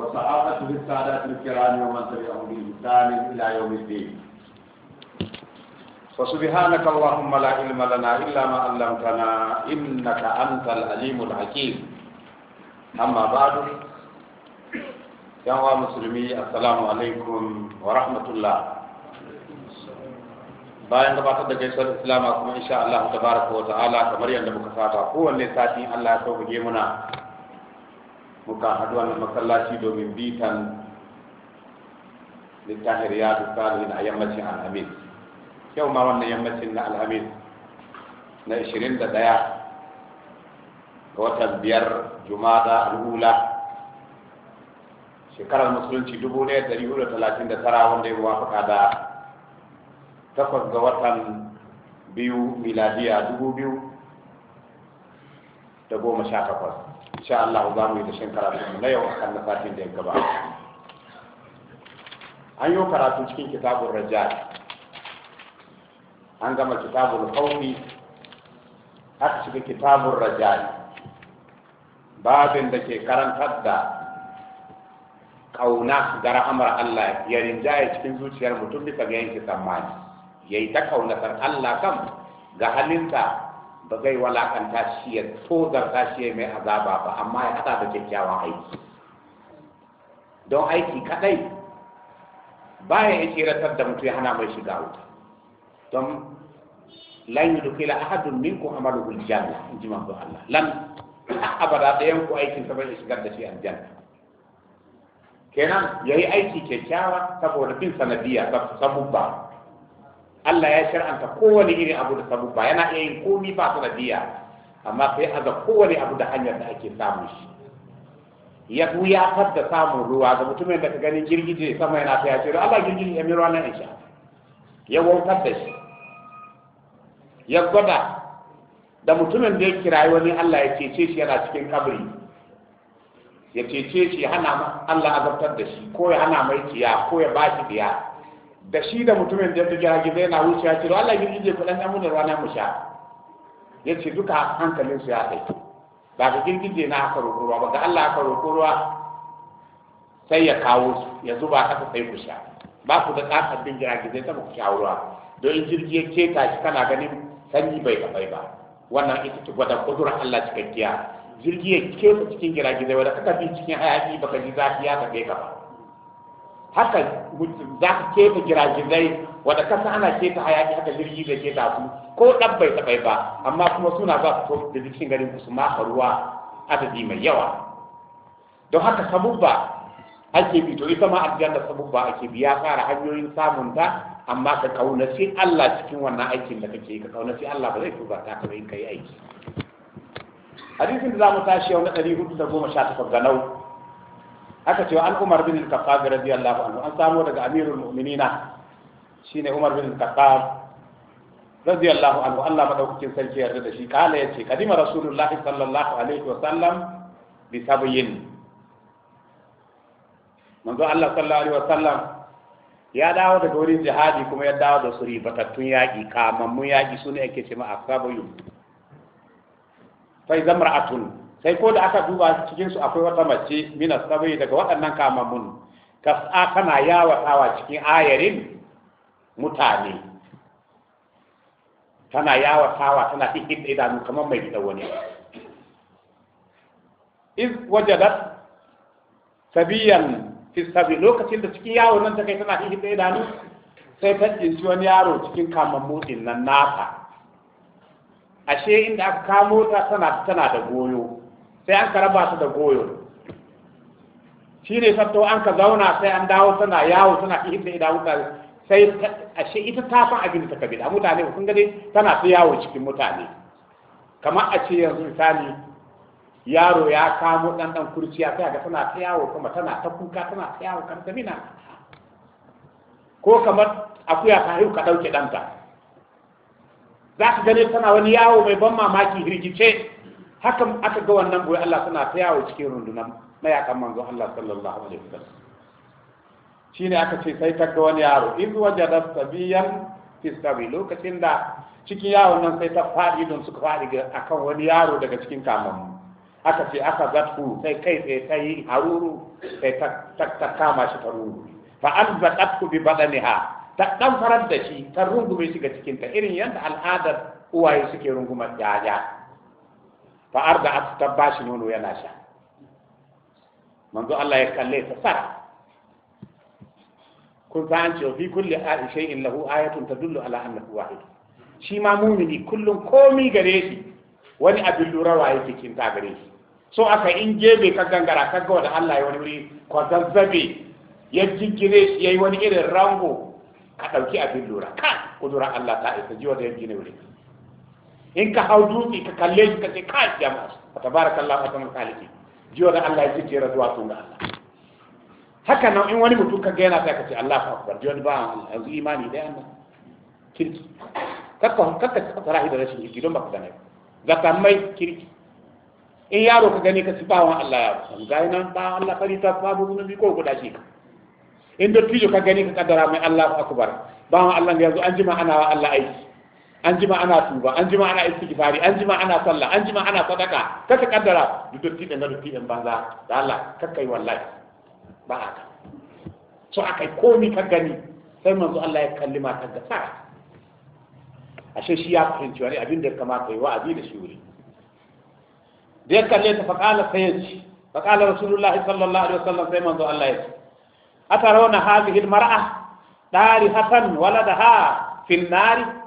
وصحابته السادات الكرام ومن تبعهم بإحسان إلى يوم الدين وسبحانك اللهم لا علم لنا إلا ما علمتنا إنك أنت العليم الحكيم أما بعد يا مسلمي السلام عليكم ورحمة الله bayan gabatar da gaisuwar islama kuma insha Allah tabaraka wa ta'ala kamar yadda muka fata kowanne sati Allah ya sauke muna muka haɗu wannan masallaci domin bitan littafin riyadu salihin a yammacin alhamis yau ma wannan yammacin na alhamis na 21 ga watan biyar jumada al'ula shekarar musulunci 1439 wanda ya muwafaka da takwas ga watan biyu miladiya 2000 da goma sha takwas insha Allah za mu yi da shin karatu na yau a kan satin da ya gaba an yi karatu cikin kitabun rajal an gama kitabun khawfi aka shiga kitabun rajal babin da ke karantar da kauna da ra'amar Allah ya rinjaye cikin zuciyar mutum bisa ga yanki tsammani yayi ta kaunatar Allah kam ga halinta ba zai walakanta shi ya tozarta shi mai azaba ba amma ya haɗa da kyakkyawan aiki don aiki kaɗai baya ya tsiratar da mutum ya hana mai shiga wuta don lan yi dukila ahadun minku amalu aljanna in ji manzo Allah lan abada ɗayan ku aikin sa bai shigar da shi aljanna kenan yayi aiki kyakkyawa saboda bin sanadiya sabu ba. Allah ya shar'anta kowane irin abu da ba yana iya yin komi ba su da biya amma sai ga kowane abu da hanyar da ake samun shi ya ya fadda samun ruwa da mutumin da ka gani girgije sama yana ta ya ce Allah girgije ya miro nan insha ya wautar da shi ya gwada da mutumin da ya kirayi wani Allah ya cece shi yana cikin kabari ya cece shi hana Allah azabtar da shi ko ya hana mai ciya ko ya ba shi biya da shi da mutumin da ya gida yana wuce ya ce to Allah ya gije kuɗan namu da rana mu sha yace ce duka su ya kai ba ka girgije na aka roƙo ba ga Allah aka roƙo sai ya kawo su ya zuba aka sai ku sha ba ku da tsatsabin giragizai ta ku sha ruwa don in jirgi ya keta shi kana ganin sanyi bai bai ba wannan ita ce gwada kudura Allah cikakkiya jirgi ya keta cikin giragizai wanda kaka bi cikin hayaki baka ji zafi ya tafe ka ba haka za ka keta girajirai wadda kasa ana keta hayaki haka jirgi da keta su ko ɗan bai taɓai ba amma kuma suna za su da jikin garin su maka ruwa adadi mai yawa don haka sabubba ake bi to ita ma da sabubba ake bi ya fara hanyoyin samun ta amma ka kaunaci Allah cikin wannan aikin da kake ka kaunaci Allah ba zai tuba ta ka yi aiki hadisin da za mu tashi yau na 418 ganau aka cewa an Umar bin Al-Khattab radiyallahu anhu an samu daga Amirul Mu'minina shine Umar bin Al-Khattab radiyallahu anhu Allah madaukakin sarki yarda da shi kala yace kadima Rasulullahi sallallahu alaihi wa sallam bi sabyin manzo Allah sallallahu alaihi wa sallam ya dawo daga wurin jihadi kuma ya dawo da su ribatattun yaƙi kamammun yaƙi su ne ake ce ma asabayun fa idan mar'atun sai ko da aka duba cikin su akwai wata mace mina sabai daga waɗannan kamamun kas'a tana yawatawa cikin ayarin mutane tana yawatawa tana cikin idanu kamar mai gida wani iz wajada sabiyan fi sabi lokacin da cikin yawo nan ta kai tana cikin idanu sai ta tsinci wani yaro cikin kamammu din nan nata ashe inda aka kamo ta tana tana da goyo sai an karaba su da goyo shi ne satto an ka zauna sai an dawo tana yawo tana fi da idan mutane sai shi ita ta san abin da ta kabila mutane sun gani tana su yawo cikin mutane kamar a ce yanzu misali yaro ya kamo dan dan kurciya sai ga tana ta yawo kuma tana ta kuka tana ta yawo kan tamina ko kamar akuya ta haihu ka dauke danta za ka gani tana wani yawo mai ban mamaki hirgice Hakan aka ga wannan boye Allah suna ta yawo cikin rundunan mayakan manzo Allah sallallahu alaihi wasallam shine aka ce sai ta ga wani yaro in da sabiyan fi sabi lokacin da cikin yawon nan sai ta faɗi don suka faɗi akan wani yaro daga cikin kamanmu aka ce aka zatu sai kai sai ta yi haruru sai ta kama shi ta ruru fa an bi badaniha ta ɗan farar da shi ta rungume shi ga cikinta irin yadda al'adar uwaye suke rungumar jaja fa arda at tabashi nono yana sha manzo Allah ya kalle ta sara kun ta an ce fi kulli shay'in lahu ayatun tadullu ala annahu wahid shi ma mumini kullum komi gare shi wani abin lura yake cikin ta gare shi so aka in gebe ka gangara ka ga wani Allah ya wani wuri ko zazzabe ya jingire shi yayi wani irin rango ka dauki abin lura ka kudura Allah ta isa jiwa da ya gina wuri in ka hau dutse ka kalle shi ka ce kai jama'a tabarakallahu atamul khaliqi jiyo da Allah ya jera zuwa tun ga Allah haka nan in wani mutum ka ga yana sai ka ce Allahu akbar jiyo da ba Allah yanzu imani da yana kirki kakka kakka farahi da rashin kirki don baka gane zaka mai kirki in yaro ka gani ka ci bawan Allah ya san ga nan ba Allah fari ta babu mun bi ko guda shi ka in dottijo ka gani ka kaddara mai Allahu akbar bawan Allah yanzu an jima ana wa Allah aiki an jima ana tuba an jima ana istighfari an jima ana sallah an jima ana sadaka ta kaddara duk dotti da dotti in banza da Allah kakai wallahi ba haka so akai komi ka gani sai manzo Allah ya kalli matar da Sara ashe shi ya fahimci wani abin da ya kamata yi wa'azi da shi wuri da ya kalle ta faqala sayyidi faqala rasulullahi sallallahu alaihi wasallam sai manzo Allah ya ce atarawna hadhihi almar'a dari hatan waladaha fil nari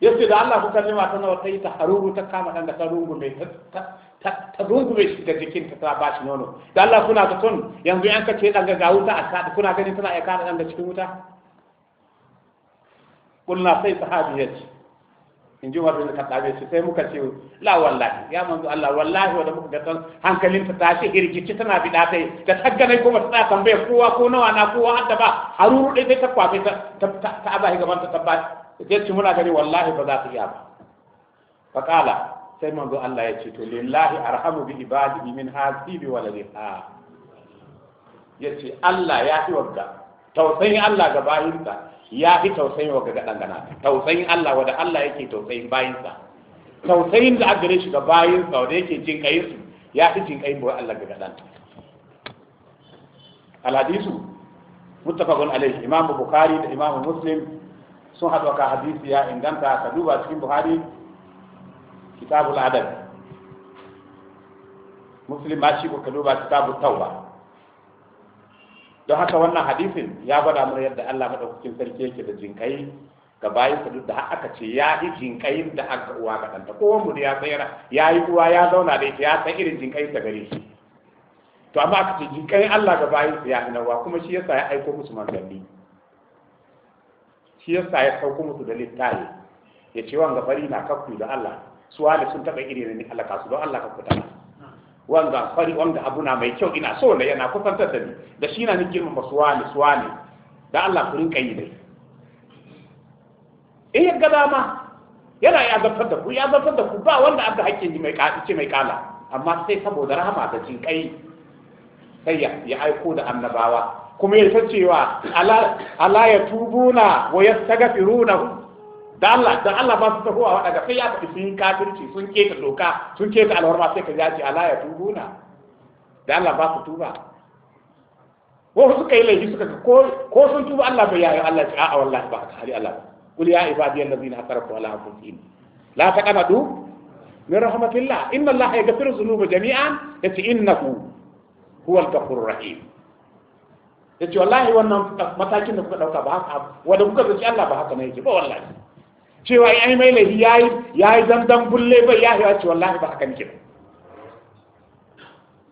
yace da Allah kuka nema ta nawa ta yi ta haruru ta kama dan da ta mai ta rungume shi da jikin ta ta bashi nono da Allah kuna ta tun yanzu an ka ce dan ga wuta a sa kuna ganin tana ya da dan da cikin wuta kulna sai sahabi yace in ji wata ka tabe shi sai muka ce la wallahi ya manzo Allah wallahi wanda muka ga hankalin ta tashi hirgici tana bida tai da taggane kuma ta tambaye kowa ko nawa na kowa hadda ba haruru dai sai ta kwafe ta ta aba gaban ta tabbata da ke ci muna gani wallahi ba za su iya ba faƙala sai manzo Allah ya ce to lillahi arhamu bi ibadihi min hasibi waladiha ya ce Allah ya fi wagga tausayin Allah ga bayinsa ya fi tausayin wagga ga dangana tausayin Allah wanda Allah yake tausayin bayinsa tausayin da aka shi ga bayinsa wanda yake jin kayin su ya fi jin kayin Allah ga dan al hadisu muttafaqun alaihi imamu bukhari da imamu muslim sun haɗu ka hadisi ya inganta ka duba cikin buhari kitabu ladar musulun ba shi ko ka duba kitabu tauba don haka wannan hadisin ya gwada mana yadda Allah madaukakin sarki yake da jinkai ga bayan sa duk da aka ce ya yi jinkai da aka uwa ga ɗanta kowan mu ya tsayara ya yi uwa ya zauna da ita ya san irin jinkai ta gare shi to amma aka ce jinkai Allah ga bayan ya fi nawa kuma shi yasa ya aiko musu manzanni shi sa ya sauko musu da littafi ya ce wanga fari na kakku da Allah su wani sun taɓa iri ne Allah ka su don Allah ka kuta wanga fari wanga abu na mai kyau ina so na yana kusantar da ni da shi na nake girma su wani su wani da Allah ku rinka yi dai in ya ga dama yana ya zartar da ku ya zartar da ku ba wanda aka hakkin ji mai kaci mai kala amma sai saboda rahama da jinƙai. kai sai ya aiko da annabawa kuma ya san cewa ala ya tubuna wa yastaghfiruna da Allah da Allah ba su tafowa waɗanda sai ya tafi sun kafirci sun keta doka sun keta alwarma sai ka ji ala ya tubuna da Allah ba su tuba ko suka yi laifi suka ko ko sun tuba Allah bai yayi Allah ce a'a wallahi ba ka hali Allah kul ya ibadiyan ladina asrafu ala anfusihim la taqnatu min rahmatillah inna Allah yaghfiru dhunuba jami'an yace innahu huwal ghafurur rahim yace wallahi wannan matakin da kuka dauka ba haka wanda kuka zaci Allah ba haka ne yake ba wallahi cewa ai mai lahi yayi yayi dandan bulle bai yahi wace wallahi ba haka ne ba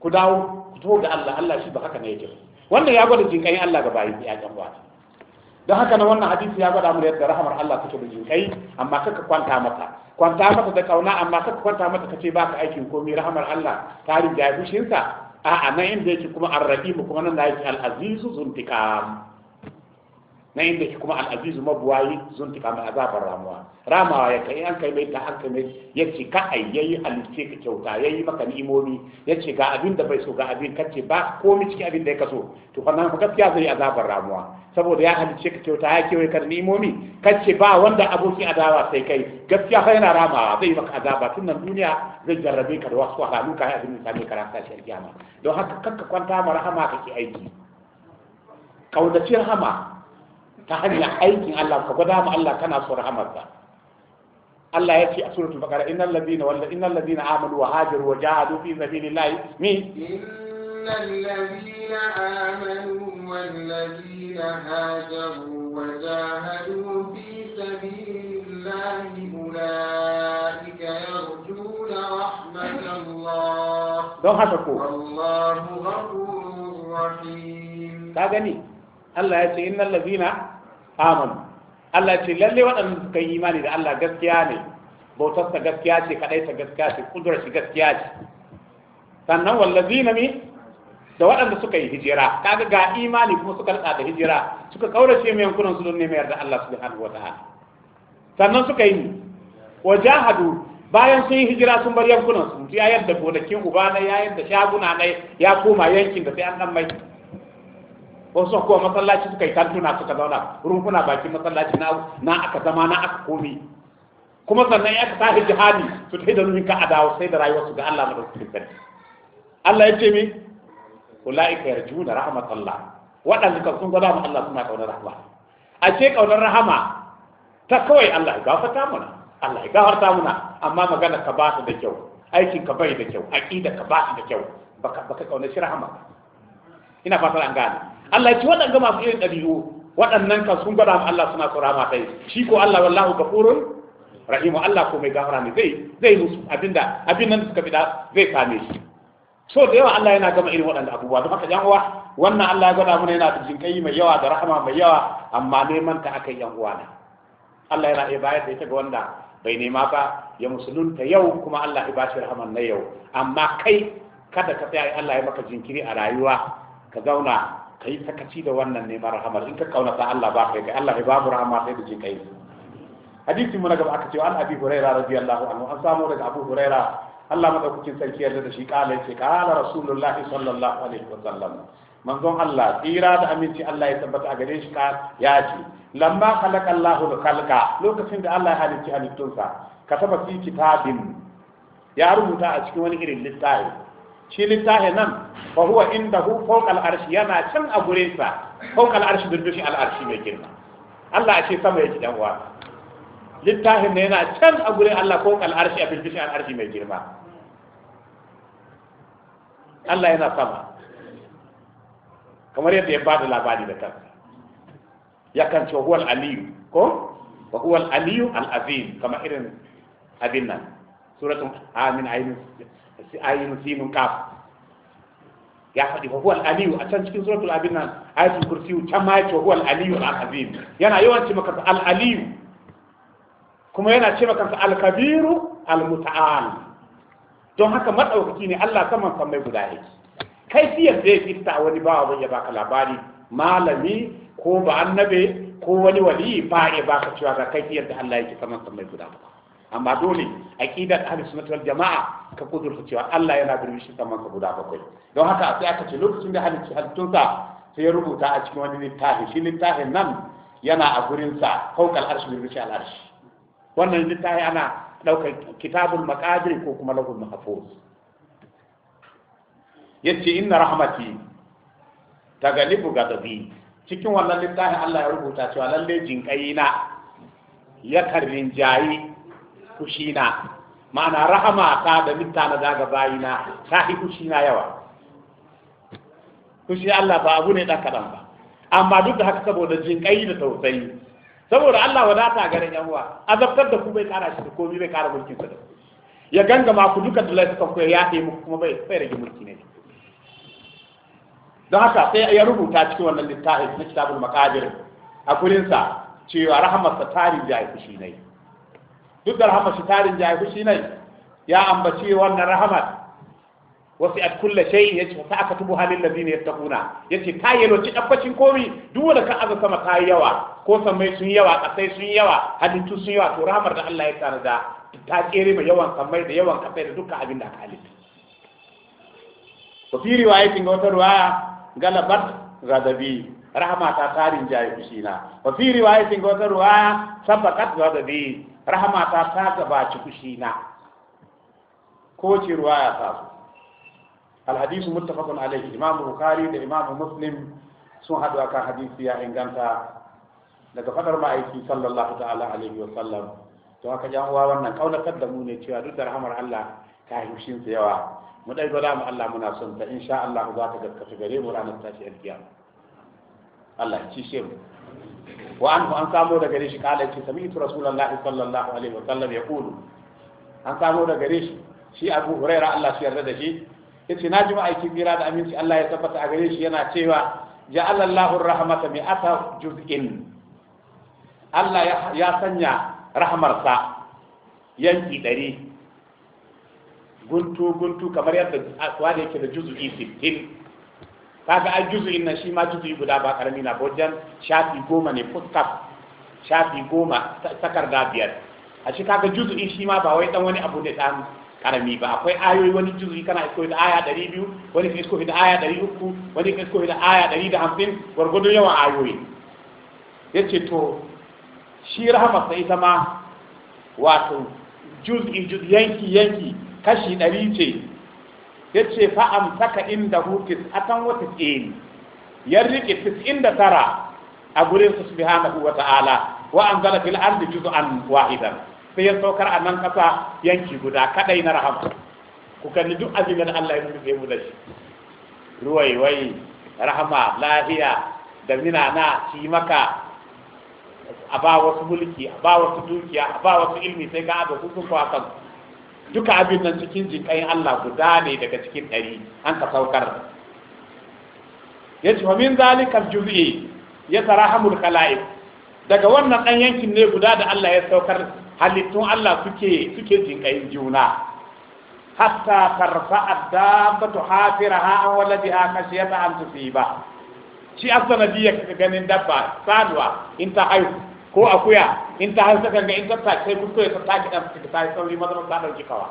ku dawo ku to ga Allah Allah shi ba haka ne yake wannan ya gwada jinkai Allah ga bayi ya ga ba don haka nan wannan hadisi ya gwada mu yadda rahamar Allah take da jinkai amma kaka kwanta mata kwanta mata da kauna amma kaka kwanta mata kace ba ka aikin komai rahamar Allah tarin da ya fushinsa a'a na inda yake kuma arrahimu kuma nan da yake al-azizu zuntikam na inda shi kuma al'azizu mabuwayi sun tuka mai azabar ramuwa ramawa ya kai an kai mai ta an kai mai ya ce ka ai yayi halice ka kyauta yi maka ni'imomi ya ce ga abin da bai so ga abin ka ce ba komi cikin abin da ya kaso to fa nan gaskiya zai azabar ramuwa saboda ya halice ka kyauta ya kewaye ka ni'imomi ka ce ba wanda abokin adawa sai kai gaskiya fa yana ramawa zai maka azaba tun nan duniya zai jarrabe ka da wasu halalu ka yi abin da same ka ran don haka kakka kwanta ma rahama kake aiki kaudacin hama ta hanyar aikin Allah ka gwada ma Allah kana so rahamarsa Allah ya ce a suratul baqara innal ladina walla innal ladina amanu wa hajaru wa jahadu fi sabilillahi mi innal ladina amanu wal ladina hajaru wa jahadu fi sabilillahi ulaika yarjuna rahmatallah don haka ko wallahu ghafurur rahim ka gani Allah ya ce innal ladina amanu Allah ce lalle waɗanda suka yi imani da Allah gaskiya ne bautarsa gaskiya ce kaɗai ta gaskiya ce kudurar shi gaskiya ce sannan wallazina zinami da waɗanda suka yi hijira kaga ga imani kuma suka rada da hijira suka kaurace mai yankunan su don neman yarda Allah subhanahu wataala sannan suka yi wajahadu bayan sun yi hijira sun bar yankunan su ya yadda gonakin uba na ya yadda shaguna na ya koma yankin da sai an dan mai wasu kowa masallaci suka yi na suka zauna rumfuna baki masallaci na aka zama na aka komi kuma sannan ya ka tafi jihadi su tafi da nuhin ka adawa sai da rayuwarsu ga Allah madaukakin sarki Allah ya ce mi ulaika yarjuna rahmatallah waɗanda kan sun gaba mu Allah suna kaunar rahama a ce kaunar rahama ta kawai Allah ya gafarta mana Allah ya gafarta mana amma magana ka ba su da kyau aikin ka bai da kyau aqida ka ba su da kyau baka baka kaunar shi rahama ina fatar an gane Allah ya ce ga masu irin ɗabi'u waɗannan kan sun gwada Allah suna tsora ma kai shi ko Allah wallahu gafurun rahimu Allah ko mai gafara ne zai zai musu abinda abin nan suka bida zai same shi so da yawa Allah yana gama irin waɗanda abubuwa don haka yan uwa wannan Allah ya gwada mana yana da jinkai mai yawa da rahama mai yawa amma neman ta akai yan uwa na. Allah yana iya bayar da ita ga wanda bai nema ba ya musulunta yau kuma Allah ya bashi rahaman na yau amma kai kada ka tsaya Allah ya maka jinkiri a rayuwa ka zauna kai sakaci da wannan neman rahamar in ka kaunata Allah ba kai Allah ne babu rahama sai da je kai hadisi mun na gaba aka ce an abi huraira radiyallahu anhu an samu daga abu huraira Allah madaukakin sarki yarda da shi kala yace kala rasulullahi sallallahu alaihi wa sallam manzon Allah tsira da aminci Allah ya tabbata a gare shi ka ya ce lamma khalaqa Allahu khalqa lokacin da Allah ya halicci halittunsa kataba fi kitabin ya rubuta a cikin wani irin littafi shi littafi nan fa huwa indahu fawqa al-arshi yana can a gurin sa fawqa al-arshi birdushin al-arshi mai girma Allah a ce sama yake dan wa littafin ne yana can a gurin Allah fawqa al-arshi a birdushin al-arshi mai girma Allah yana sama kamar yadda ya ba da labari da kansa ya kan ce huwa al-aliyu ko wa huwa al-aliyu al-azim kama irin abin nan suratun amin ayin ayin simun kaf ya faɗi fa huwal aliyu a can cikin suratul abin nan ayatul kursiyu can ma yace huwal aliyu al azim yana yawanci maka al aliyu kuma yana ce maka al kabiru al muta'al don haka madaukaki ne Allah saman san mai guda yake kai fiye da yake ta wani bawa bai ya baka labari malami ko ba annabe ko wani wali ba ya baka cewa ga kai fiye da Allah yake saman san mai guda ba amma dole aqidar ahlus sunnah wal jamaa ka kudurta cewa Allah yana da birbishi kamar ka guda bakwai don haka sai aka ce lokacin da halicci halittunsa sai ya rubuta a cikin wani littafi shi littafin nan yana a gurinsa faukal arshi birbishi al arshi wannan littafi ana ɗaukar kitabul maqadir ko kuma lahul mahfuz yace inna rahmati tagalibu gadabi cikin wannan littafin Allah ya rubuta cewa lalle jinkai na ya karin jayi fushina ma'ana rahama ta da minta na daga bayina ta yi fushina yawa fushi Allah ba abu ne ɗan kaɗan ba amma duk da haka saboda jin ƙai da tausayi saboda Allah wadata garin yawa uwa azabtar da ku bai kara shi da komai bai kara mulkin sa da ya gangama ku duka da laifukan ku ya yaɗe muku kuma bai bai rage mulki ne don haka sai ya rubuta cikin wannan littafin na kitabul maqadir a gurin sa cewa rahamarsa ta rinjaye fushi ne duk da rahama shi tarin jahi shi ne ya ambaci wannan Rahama wasu at kulla shay ya ce ta aka tubu halin da zina ya tafuna ya ce ta yi lokaci ɗabbacin komi duk wanda kan aza sama ta yi yawa ko sammai sun yawa ƙasai sun yawa halittu sun yawa to rahamar da Allah ya tsara da ta kere mai yawan sammai da yawan ƙasai da dukkan abin da aka halitta. Wa fi riwayatin ga wata riwaya galabat gadabi rahama ta tarin jayi fushina wa fi riwayatin ga wata riwaya sabaqat gadabi rahama ta ta gabaci kushi na ko ce ruwaya ta su alhadisu muttafaqun alaihi imamu bukhari da imamu muslim sun haɗu akan hadisi ya inganta daga fadar ma'aiki sallallahu ta'ala alaihi wa sallam to haka yan uwa wannan kaunatar da mu ne cewa duk da rahamar Allah ka hushin yawa mu dai gwada mu Allah muna son ta insha Allah za ta gaskata gare mu ranar tashi alkiyama Allah ya ci mu wa anhu an samo da gare shi kala yace sami'tu rasulullahi sallallahu alaihi wa sallam yaqulu an samo da gare shi shi Abu Huraira Allah shi yarda da shi yace naji ma'aikin mira da aminci Allah ya tabbata a gare shi yana cewa ja'ala Allahu rahmata bi ata juz'in Allah ya sanya rahmarsa yanki ɗari guntu guntu kamar yadda wanda yake da juz'i kaga a juz'in nan shi ma juz'i guda ba karami na bojan shafi goma ne fuskaf shafi goma takarda biyar a shi kaga juz'i shi ma ba wai dan wani abu ne dan karami ba akwai ayoyi wani juz'i kana isko da aya 200 wani isko da aya 300 wani isko da aya 150 gwargwado yawan ayoyi yace to shi rahama sai ita ma wato juz'i yanki yanki kashi 100 ce yace fa saka inda a atan wa tis'in yar rike 99 a gurin su subhanahu uwa ta'ala wa anzala fil ardi an wahidan sai ya saukar a nan kasa yanki guda kadai na rahama ku kalli duk azumin Allah ya rufe mu da shi wai rahama lafiya da na ci maka a ba wasu mulki a ba wasu dukiya a ba wasu ilmi sai ga da hukun kwakan duka abin nan cikin jikai Allah guda ne daga cikin ɗari an ka saukar ya ce min zalikal juz'i ya hamul khalaiq daga wannan ɗan yankin ne guda da Allah ya saukar halittun Allah suke suke jinkayin juna hatta tarfa hafira ha an waladiha kashiyata an tusiba shi asanadiyya ganin dabba saduwa in ta haihu ko akuya in ta hasa ganga in ta sai tace kuskure ta take dan ta ta sauri maza ta dauki kawa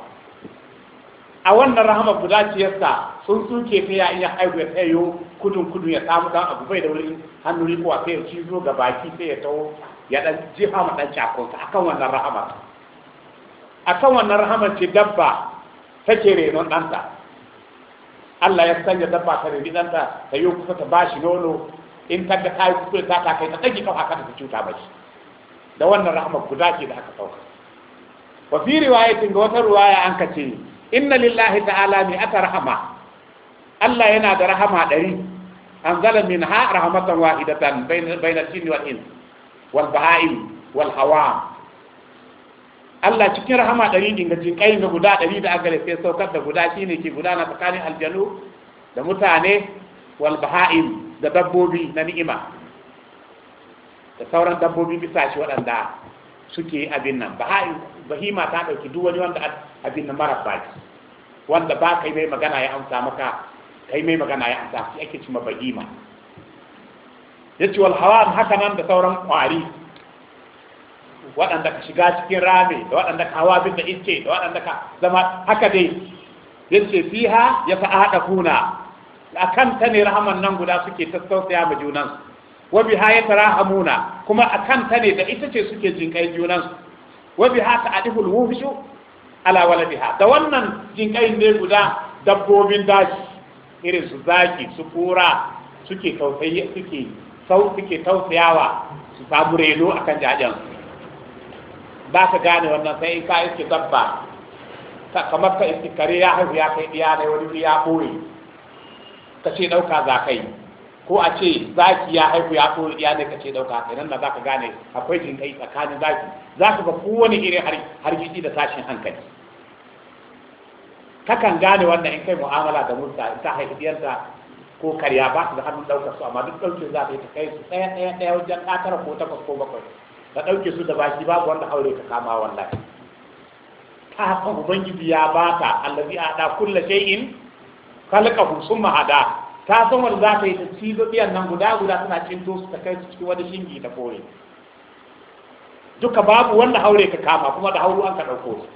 a wannan rahama guda ciyarsa sun suke ta ya iya haihu ya tsayo kudun kudun ya samu dan abu bai da wuri hannu riko a sai ya cizo ga baki sai ya taho ya dan jiha ma dan ta akan wannan rahama akan wannan rahama ce dabba take renon danta Allah ya sanya dabba ta reni danta ta yi kusa ta bashi nono in ta ga ta yi kuskure ta ta kai ta dage kafa ka ta cuta ba shi da wannan rahama guda ce da aka sauka wa fi riwayatin ga wata riwaya an ka ce inna lillahi ta'ala mi rahama Allah yana da rahama ɗari min ha wahidatan bayna jinni wal ins wal baha'im wal Allah cikin rahama ɗari din ga jinkai na guda da aka sai saukar da guda shine ke gudana tsakanin aljanu da mutane wal baha'im da dabbobi na ni'ima da sauran dabbobi bisa shi waɗanda suke abin nan bahima ta ɗauki duk wani wanda abin nan mara baki wanda ba kai mai magana ya amsa maka kai mai magana ya amsa shi ake cima bahima ya ce walhawa haka nan da sauran ƙwari waɗanda ka shiga cikin rami da waɗanda ka hawa bin da iske da waɗanda ka zama haka dai ya ce fiha ya fa'aɗa kuna a kan ta ne rahaman nan guda suke tattausaya ma junansu wa biha yatarahamuna kuma a kanta ne da ita ce suke jinkai junan su wa biha ta'dihul wuhshu ala da wannan jinkai ne guda dabbobin daji irin su zaki su kura suke tausayi suke sau suke tausayawa su samu reno akan jajen ba ka gane wannan sai ka iske dabba kamar ka iske kare ya haihu ya kai diya ne wani ya ɓoye ka ce ɗauka za ka ko a ce zaki ya haifu ya so ya da kace dauka kai nan za zaka gane akwai jin kai tsakanin zaki zaka ba kowane irin hargitsi da tashin hankali kakan gane wannan in kai mu'amala da mutsa ta haifiyarta ko karya ba su da hannun ɗaukar su amma duk ɗauke za ta ta kai su ɗaya ɗaya ɗaya wajen ɗatara ko takwas ko bakwai ta ɗauke su da baki babu wanda aure ka kama wallahi ta san ubangiji ya baka allazi ada kulla shay'in khalaqahu summa hada ta san wanda za ta yi ta cizo ɗiyan nan guda guda suna cinto su ta kai su cikin wani shingi ta kore duka babu wanda haure ka kama kuma da hauru an ka ɗauko su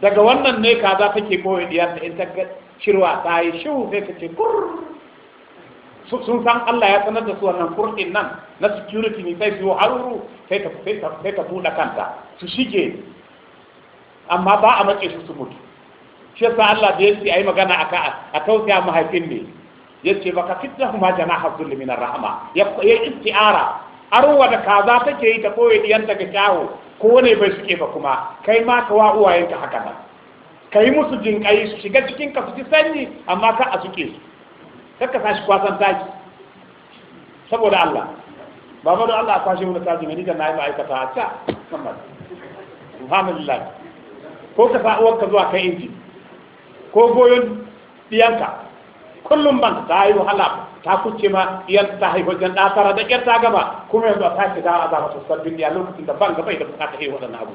daga wannan ne kaza take diyar da in ta shirwa ta yi shiru sai ka ce kur sun san Allah ya sanar da su wannan kurɗin nan na security ne sai su yi haruru sai ta buɗe kanta su shige amma ba a mace su su mutu shi yasa Allah da yace ayi magana aka a tausaya mahaifin ne yace baka fitna kuma janaha zulli min arrahma ya isti'ara arwa da kaza take yi ta koyi diyan daga kyawo ko ne bai suke ba kuma kai ma ka wa yanka ka haka nan kai musu jinkai su shiga cikin ka su ji sanyi amma ka a suke su kakka sashi kwasan taki saboda Allah baba da Allah a kwashe wani taki mai da na yi ma'aikata a ca Muhammad subhanallah ko ka sa uwanka zuwa kai inji ko goyon diyanka kullum ban ta yi wahala ta kuce ma yan ta haifar jan da tara da kyar ta gaba kuma yanzu a ce da azaba su sabbin ya lokacin da ban gaba da ta yi waɗannan abu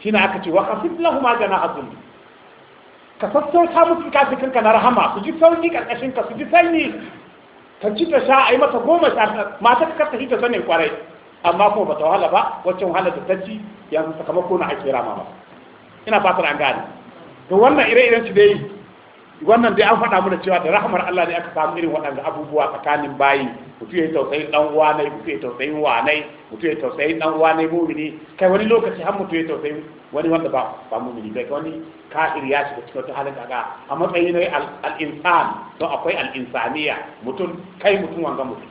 shi na aka ce wa kafin lahu ma jana azumi ka sassauta musu ka na rahama su ji sauki karkashin ka su ji sanyi ka ci ta sha a yi mata goma sha mata ka kasa hita sanin kwarai amma kuma ta wahala ba wacce wahala da ta ci yanzu sakamako na ake rama ba ina fatar an gane to wannan ire-iren su dai wannan dai an faɗa da cewa da rahmar Allah ne aka samu irin waɗanda abubuwa tsakanin bayi mutu ya tausayin dan wanai mutu ya tausayin wanai mutu ya tausayin dan wanai mumini kai wani lokaci har mutu ya tausayin wani wanda ba ba mumini bai kai wani kafir ya shiga cikin wata halin kaga a matsayin ne al-insan don akwai al-insaniya mutum kai mutum wanga mutum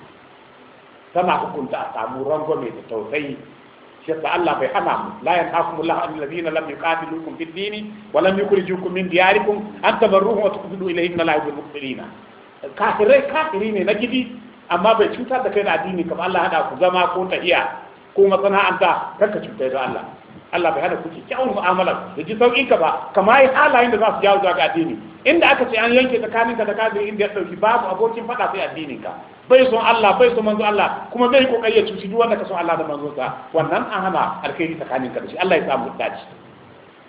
sama hukunta a samu rangwame da tausayi shi Allah bai hana mu la yanhaakum Allah an alladhina lam yuqatilukum fid din wa lam yukhrijukum min diyarikum an tabarruhum wa tuqsitu ilayhim la yuhibbul muqsitina kafirai kafiri ne na gidi amma bai cutar da kai da addini kamar Allah hada ku zama ko tahiya ko masana'anta kanka cutar da Allah Allah bai hana ku kyawun mu'amala da ji saukin ka ba kamar halayen da za su jawo zuwa ga addini inda aka ce an yanke tsakanin ka da kafiri inda ya dauki babu abokin fada sai addinin ka bai son Allah bai son manzo Allah kuma bai kokari ya cuci duk wanda ka son Allah da manzo sa wannan an hana alkhairi tsakanin ka da shi Allah ya samu dace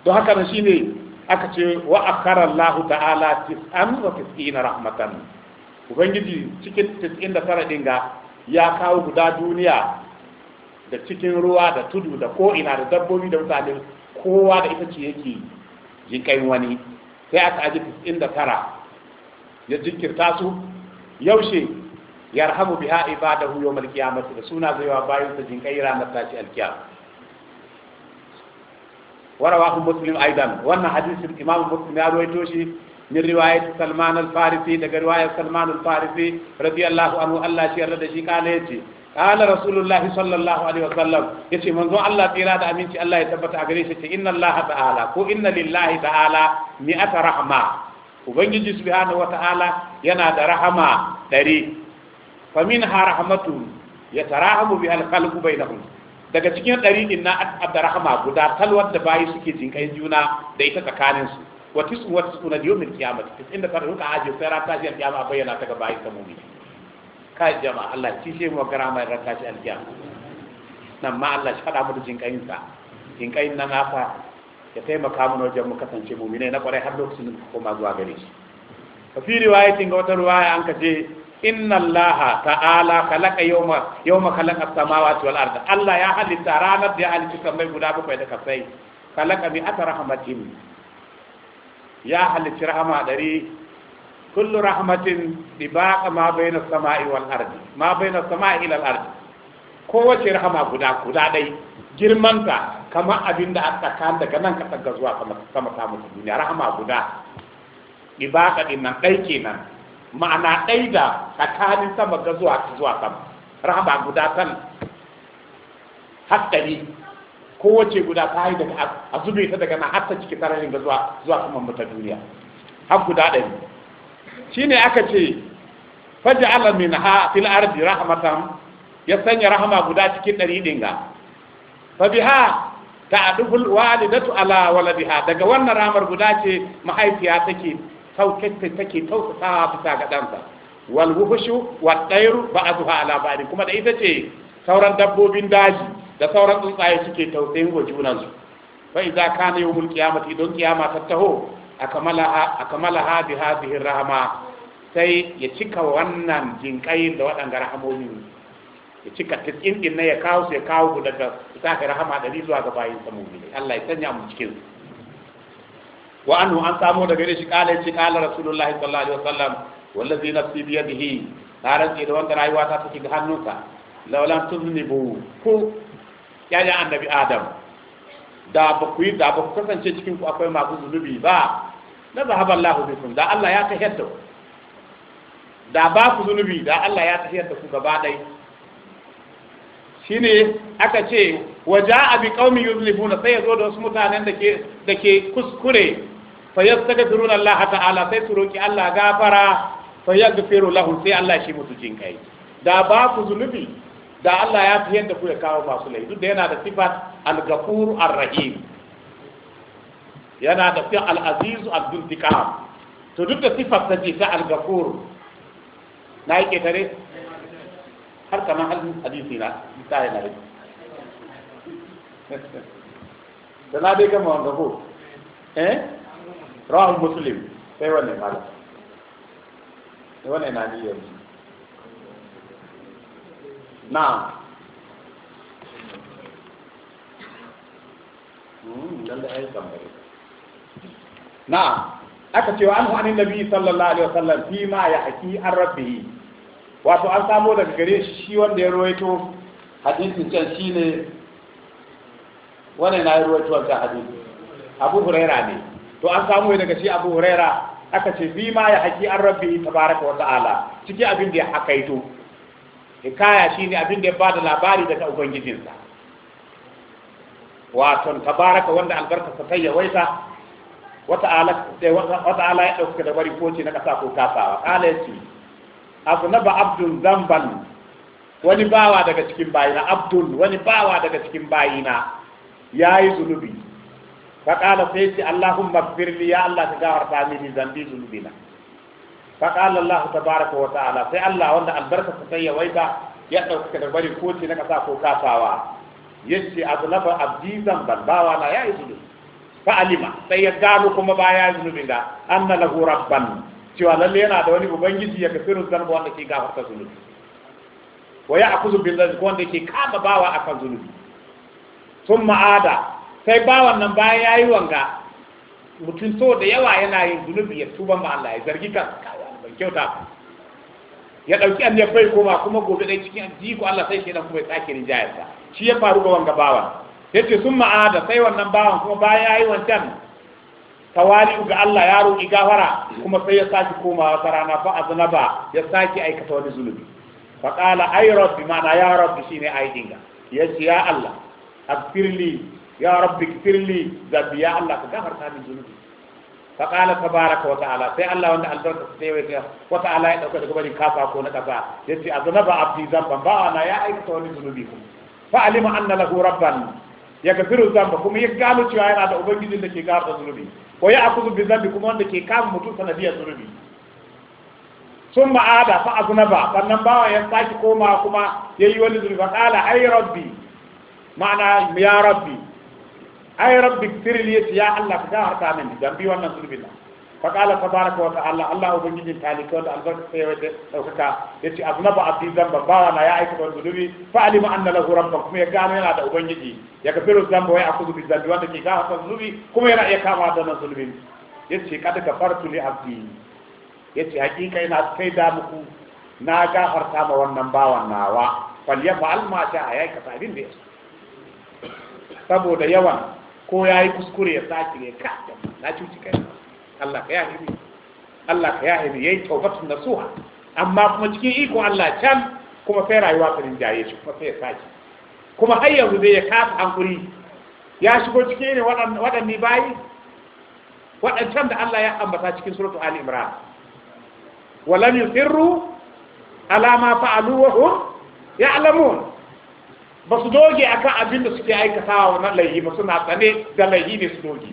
don haka nan shine aka ce wa akara Allah ta'ala tis'an wa tis'ina rahmatan ubangiji cikin 99 din ga ya kawo guda duniya da cikin ruwa da tudu da ko'ina da dabbobi da mutane kowa da ita ce yake jinƙayin wani sai aka aji tara ya jinkirta su yaushe ya rahamu biha ibadahu yawmal qiyamati da suna zaiwa bayan ta jinƙai ranar tashi alkiyama warawahu muslim aidan wannan hadisin imam muslim ya rawaito shi min riwayat Salman al-Farisi daga riwayat Salman al-Farisi radiyallahu anhu Allah shi yarda da kana yace qala rasulullahi sallallahu alaihi wasallam yace manzo Allah tsira da aminci Allah ya tabbata a gare shi ce inna Allah ta'ala ko inna lillahi ta'ala mi'ata rahma ubangiji subhanahu wa ta'ala yana da rahama dari fa minha daga cikin ɗari ɗin na abdarahama guda talwar da bayi suke jinkai juna da ita tsakaninsu wa tisu wa tisu na min qiyamah tis da tare ka aji sai rata shi a bayyana ta ga bayin ta k'a kai jama'a Allah ci shi mu gara mai rata shi alqiyama na ma Allah shi fada mu da jinkayin sa jinkayin nan afa ya taimaka mu wajen mu kasance ne na kwarai har lokacin da koma zuwa gare shi fa fi riwayatin ga wata riwaya an kace inna Allah ta'ala khalaqa yawma yawma khalaqa as-samawati wal arda Allah ya halitta ranar da ya halitta sammai guda bakwai da kafai khalaqa bi atrahmatin ya halicci rahama dari. kullu rahmatin baqa ma baina sama'i wal ardi ma baina sama'i ila al ardi kowace rahama guda guda dai girmanta kamar abin da aka daga nan ka tsaga zuwa sama ta mutu duniya rahama guda baqa din nan dai kenan ma'ana dai da tsakanin sama ga zuwa zuwa sama rahama guda tan hakkali kowace guda ta yi daga a zube ta daga na har ta ciki tarihin ga zuwa zuwa mata duniya har guda ɗari Shi ne aka ce fajar alamin min ha fil arzi rahamatan ya sanya rahama guda cikin ɗari ɗin ga fa biha ta'aduful walidatu ala ha daga wannan ramar guda ce mahaifiya take saukatta take tausasa fita ga ɗansa wal wuhushu wat tayru ba'dha ala ba'd kuma da ita ce sauran dabbobin daji da sauran tsuntsaye suke tausayin wa junansu fa idza kana yawmul qiyamati don kiyama ta taho akamalaha akamalaha bi hadhihi rahma sai ya cika wannan jinkayin da waɗanda rahamomin ya cika tiskin din na ya kawo sai kawo daga saka rahama da zuwa ga bayin sa mu'mini Allah ya sanya mu cikin wa annu an samu daga gare shi ya yace kala rasulullah sallallahu alaihi wasallam wallazi nafsi bi yadihi taran ce da wanda rayuwa ta take ga hannunsa laulan lam bu ku ya'yan annabi adam da ba ku da ba ku kasance cikin ku akwai masu zunubi ba na haɓar Allah sun da Allah ya ta da ku da ba ku zunubi da Allah ya ta da ku gaba dai shine aka ce a bi qaumi yuzlifuna sai yazo da wasu mutanen da ke da ke kuskure fayastaghfiruna Allah ta'ala sai su roki Allah gafara fayaghfiru lahum sai Allah shi mutu jinkai da ba ku zunubi da Allah ya fi yadda ku ya kawo masu laifi duk da yana da sifat al gafur ar-rahim yana da fi al-aziz al-duntikam to duk da sifat ta ce ta al gafur na yake tare har kamar halin hadisi na ta yana rage da na dai gama wanda ko eh rahul muslim sai wannan malam wannan na niyyar na hmm, na aka ce wa hannun anin nabi sallallahu alaihi wasallam fi ma ya haki an rabbihi wato an samu daga gare shi shi wanda ya ruwaito hadisin can shi ne wane na yi ruwaito wancan hadisi abu huraira ne to an samu daga shi abu huraira aka ce fi ma ya haƙi an rabbi tabaraka wa ta'ala ciki abin da ya hakaito hikaya ne abin da ya bada labari daga ubangijinsa wato tabaraka wanda albarka ta wata ala ya ɗauka da bari koci na ƙasa ko kasawa ƙala ya ce abu na ba abdul zamban wani bawa daga cikin bayina abdul wani bawa daga cikin bayina ya yi zunubi Ba ƙala sai ce allahumma birni, ya allah ka gafarta mini zambi zunubina فقال الله تبارك وتعالى سي الله وند البركة سي ويدا يأتو كده بري كوتي نكسا فوكا ساوا يشي أظلف أبدي ذنبا باوانا يا إذنو فألما كما بايا إذنو بنا له ربا cewa lalle yana da wani ubangiji ya kafiru zanba wanda ke ta zunubi wa ya akuzu bil rizq wanda ke kama bawa akan zunubi sun ma'ada sai bawan nan bayan yayi wanga mutum so da yawa yana yin zunubi ya tuba ma Allah ya zargi kansa kyauta ya ɗauki an ya bai koma kuma gobe ɗai cikin jiko Allah sai kenan kuma ya sake rijayarsa shi ya faru ga wanga bawan ce sun ma'ada sai wannan bawan kuma ya yi wancan tawali ga Allah ya roƙi gafara kuma sai ya sake komawa ta rana fa ba ya sake aikata wani zunubi. fa qala ay rabbi ma'ana ya rabbi shine ay dinga ce ya Allah aghfirli ya rabbi aghfirli zabi ya Allah ka gafarta min zulubi fa qala tabaraka wa ta'ala sai Allah wanda albarka sai wai ta wa ta'ala ya dauka daga barin kafa ko na kasa yace aznaba abdi zamban ba ana ya aikata wani zunubi fa alima anna lahu rabban yaghfiru zamba kuma ya gano cewa yana da ubangijin da ke gafarta zunubi ko ya akuzu bi zambi kuma wanda ke kama mutum sanadiyar zunubi sun ma'ada fa ba sannan bawa ya saki koma kuma yayi wani zunubi fa qala ay rabbi ma'ana ya rabbi ay rabbi firli ya allah ka harta min jambi wannan zulbilla ta'ala allah وتعالى الله ubangiji taliko da albarka sai wata daukaka yace aznaba abdi zamba ba na ya aika ko dubi fa alima anna lahu rabban kuma ya gano yana da ubangiji ya firu zamba wai akuzu bi zambi wanda ke ga ta zubi kuma yana iya kama da nan zulmin yace kada ka fartu li abdi yace hakika ina sai da muku na gafarta ma wannan bawan nawa fal yafa'al ma ta ayyaka abin da saboda yawan ko ya yi kuskure ya sake ya kaɗa na cuci kai Allah ka ya haifi. Allah ka yahe ne ya yi taubatun nasuha amma kuma cikin iko Allah can kuma sai rayuwa ta rinjaye shi kuma sai ya sake kuma har yanzu zai ya an hankuri ya shigo cikin ne waɗanne bayi waɗancan da Allah ya ambata cikin suratu Ali Imran Walamin yusirru ala ma fa'alu wa hum ya'lamun ba su doge akan abin da suke aikatawa wannan laihi ba suna tsane da laihi ne su doge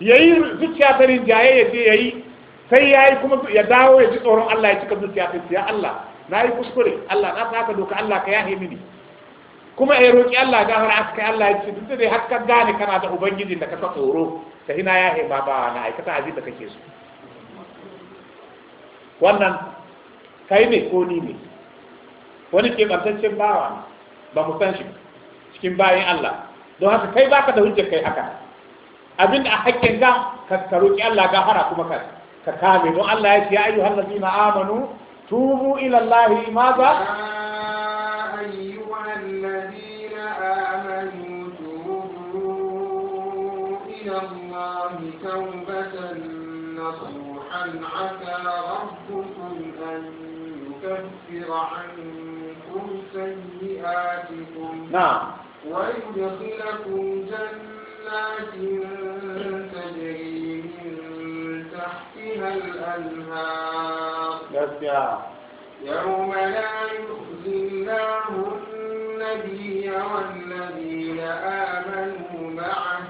yayi zuciya ta rinjaye ya je yayi sai ya yi kuma ya dawo ya ji tsoron Allah ya cika zuciya ta ya Allah na yi kuskure Allah na saka doka Allah ka ya yahe ne. kuma ya roƙi Allah ga har aka Allah ya ce duk da dai har ka gane kana da ubangiji da ka sa tsoro ta hina yahe ba ba na aikata abin da kake so wannan kai ne ko ni ne wani ke bawa ne ba mu san shi cikin bayan Allah don haka kai ba ka da hujjar kai haka abinda a hakkin ga ka roki Allah gafara kuma ka ka kame don Allah ya ce ya na allazina amanu tubu ila Allah maza ayyuha allazina amanu tubu ila Allah tawbatan nasuhan ata rabbukum an yukaffira an عنكم سيئاتكم نعم ويدخلكم جنات تجري من تحتها الأنهار يوم لا يخزي الله النبي والذين آمنوا معه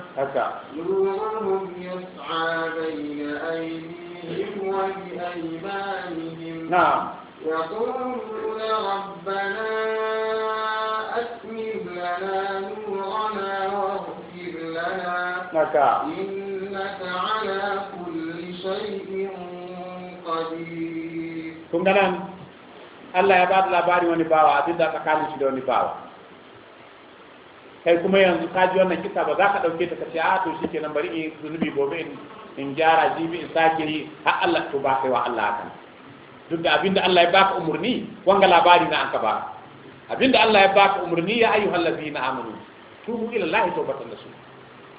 نورهم يسعى بين أيديهم وبأيمانهم نعم يقولون ربنا أتمم لنا نورنا واغفر لنا إنك على كل شيء قدير ثم دلان الله يبعد لباري ونباوة أبدا تكالي شدو ونباوة kai kuma yanzu ka ji wannan kisa ba za ka ɗauke ta kace a to shi ke nan bari in zunubi gobe in gyara jibi in sake yi har Allah to ba kai wa Allah hakan tunda abinda Allah ya baka umurni wanga labari na anka ba abinda Allah ya baka umurni ya ayyuhal ladina amanu tubu ila Allah tawbatan nasuha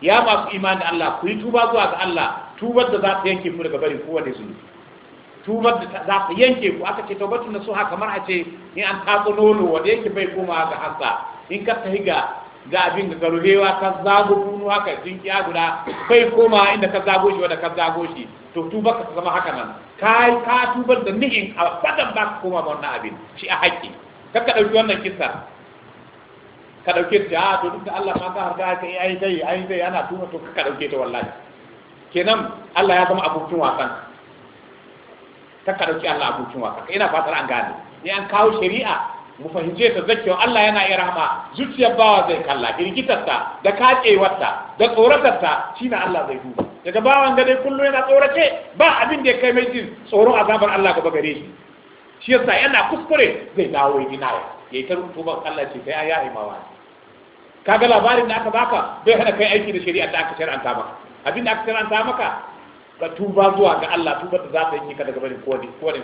ya masu imani da Allah ku yi tuba zuwa ga Allah tubar da za ta yanke ku daga bari kowane su. tubar da za ta yanke ku aka ce tawbatun nasuha kamar a ce ni an tatso nono wanda yake bai koma ga hansa in ka ta higa ga abin da garuhewa ka zago bunu haka jinkiya guda bai koma inda ka zago shi wanda ka zago shi to tuba ka zama haka nan kai ka tubar da nihin a fadan ba ka koma wannan abin shi a haƙƙi kar ka ɗauki wannan kisa ka ɗauke ta a ah, to duk da Allah ma ka harga ka yi eh, ai dai ai dai ana tuba to ka ɗauke ta wallahi kenan Allah ya zama abokin wasan ka ka ɗauki Allah abokin wasan ina fatar an gane ne an kawo shari'a mu fahimce ta zakki Allah yana iya rahama zuciyar bawa zai kalla girgitarta da katsewarta da tsoratarta shi na Allah zai duba daga bawan ga kullum yana tsorace ba abin da ya kai mai jin tsoron azabar Allah gaba gare shi shi yasa yana kuskure zai dawo yi dinawa ya yi ta tuban Allah ce sai ya yi ka ga labarin da aka baka bai hana kai aiki da shari'a da aka shari'anta maka abin da aka shari'anta maka ka tuba zuwa ga Allah tuba da za ta yi ka daga bari kowane kowane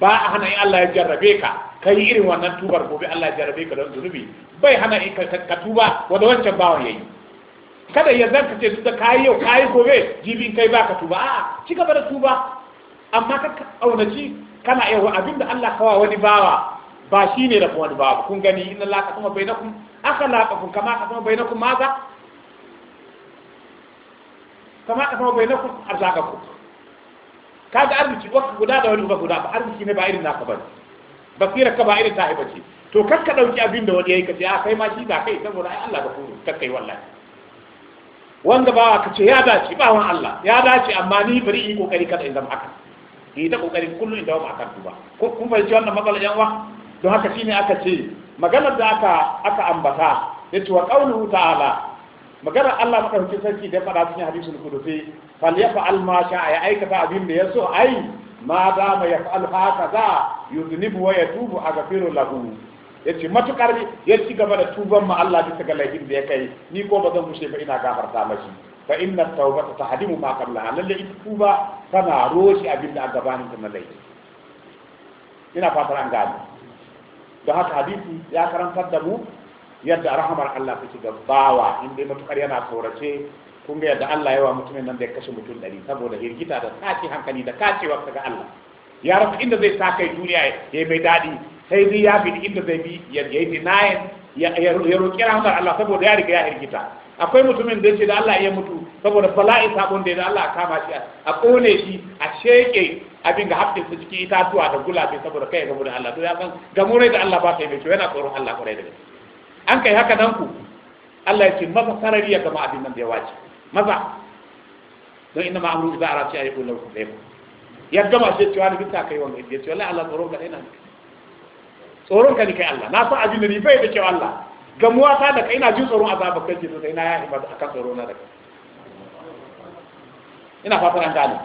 ba a hana in Allah ya jarrabe ka ka yi irin wannan tubar gobe Allah ya jarrabe ka don zunubi bai hana in ka tuba wanda wancan bawan ya yi kada ya zanka ce duk da kayi yau kayi gobe jibin kai baka tuba a'a ci gaba da tuba amma ka aunaci kana yawa abinda Allah kawa wani bawa ba ne da wani bawa kun gani inna la kuma bainakum kun kama qasama bainakum maza kama qasama bainakum arzaqakum kaga arziki wakka guda da wani guda ba arziki ne ba irin naka bane basira ka ba irin ta to kakka dauki abinda wani yayi ka ce a kai ma shi ga kai saboda ai Allah ba ku kakkai wallahi wanda ba ka ce ya dace ba wani Allah ya dace amma ni bari yi kokari kada in zama haka ni ta kokarin kullum in dawo ba akan ba, ko kun fahimci wannan matsalar yan wa don haka shine aka ce maganar da aka aka ambata ce wa qawluhu ta'ala maganar Allah madaukakin sarki da faɗa cikin hadisul qudusi yaf'al ma sha'a ya aikata abin da yaso ai ma da ma yaf'al haka za yudnibu wa yatubu aghfiru lahu yace matukar ya ci gaba da tuban ma Allah bisa ga laifin da ya kai ni ko ba zan mushe ba ina gafarta mashi fa inna tawbata tahdimu ma qabla lalle ita tuba tana roshi abin da aka bani na laifi ina fatar an gane don haka hadisi ya karantar da mu yadda rahamar Allah ta ci bawa in dai matukar yana tsorace kun ga yadda Allah yawa mutumin nan da ya kashe mutum ɗari saboda hirgita da sace hankali da kacewa ga Allah ya rasu inda zai sa kai duniya ya mai daɗi sai bi ya bi inda zai bi ya yi dinayin ya roƙi rahmar Allah saboda ya riga ya hirgita akwai mutumin da ya da Allah ya mutu saboda bala'i sabon da Allah a kama shi a kone shi a sheke abin ga haɗin su cikin itatuwa da gulabe saboda kai ga da Allah to ya san gamu ne da Allah ba ta yi mai yana tsoron Allah kwarai da gaske an kai haka nan ku Allah ya ce maza sarari ya gama abin nan da ya wace maza don inna ma amru idza arati ayyul ku ya gama shi cewa da ta kai wanga ya ce wallahi Allah tsoron ka ina tsoron ka ne kai Allah na san abin da ni bai da kyau Allah gamuwa ta da kai ina jin tsoron azaba kai ce sai na yahi a kan tsoro na da kai ina fatan an gane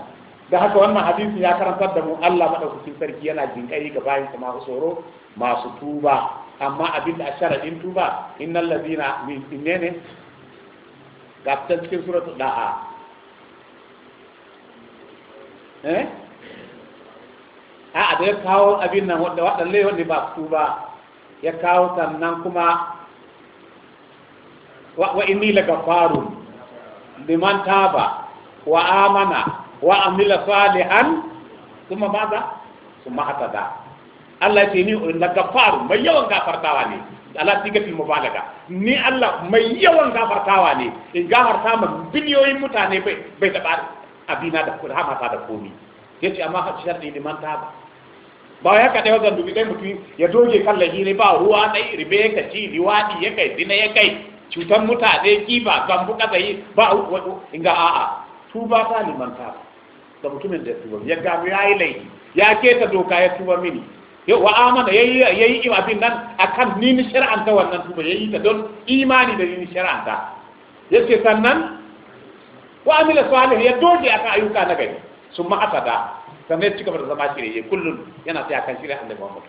da haka wannan hadisi ya karantar da mu Allah madaukakin sarki yana jinkai ga bayin sa masu tsoro masu tuba amma abin da sharadin tuba innal ladina min innene ga cikin suratul da'a eh a da ya kawo abin nan wanda waɗanne wanda ba su ba ya kawo sannan kuma wa inni la gafaru liman taba wa amana wa amila salihan kuma maza kuma da Allah ce ni la gafaru mai yawan gafartawa ne Allah tiga fil mubalaga ni Allah mai yawan gafartawa ne in gafarta ma biliyoyin mutane bai bai da abina da kuma ta da komi yace amma har sharri liman taba ba ya kaɗe wajen dubi ɗai mutum ya doge kan lahiri ba ruwa ɗai ribe ya kaci liwaɗi ya kai zina ya kai cutar mutane kiba zambu ƙasa yi ba inga a'a tuba ta limanta da mutumin da tuba ya gano ya yi laifi ya keta doka ya tuba mini wa amana ya yi abin nan a kan nini shari'anta wannan tuba ya yi ta don imani da nini shari'anta ya ce sannan wa amila salih ya doge akan ayyuka na gari sun ma'asada sannan ya ci zama da zama shirye kullum yana sai akan ne annabi Muhammad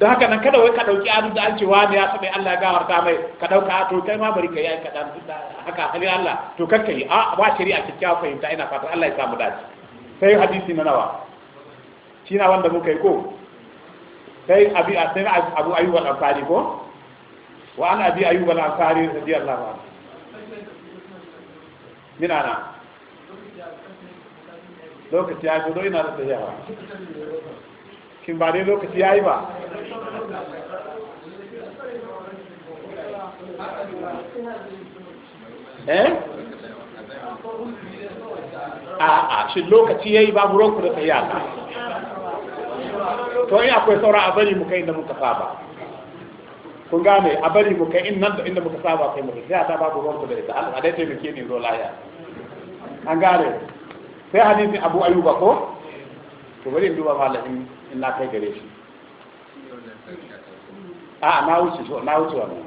don haka nan kada wai ka dauki abin da an wani ya sami Allah ya gawarta mai ka dauka to kai ma bari ka yi ka dan haka halin Allah to kakka yi a ba shari'a kikkiawa fahimta ina fatan Allah ya samu dace sai hadisi na nawa shi na wanda muka yi ko sai abi sai abu ayyub al amfani ko wa an abi ayyub amfani ansari radiyallahu anhu min ana lokaci ya zo ina da tsayawa kin ba ne lokaci ya yi ba eh a a shi lokaci ya yi ba buronku da tsayawa to yi akwai saura a bari muka inda muka saba kun gane a bari muka inda da inda muka saba kai mu sai ta babu ruwanku da ita Allah dai taimake ne zo laya an gane sai hadisin abu ayuba ko to bari in duba malamin in na kai gare shi a na wuce so na wuce wannan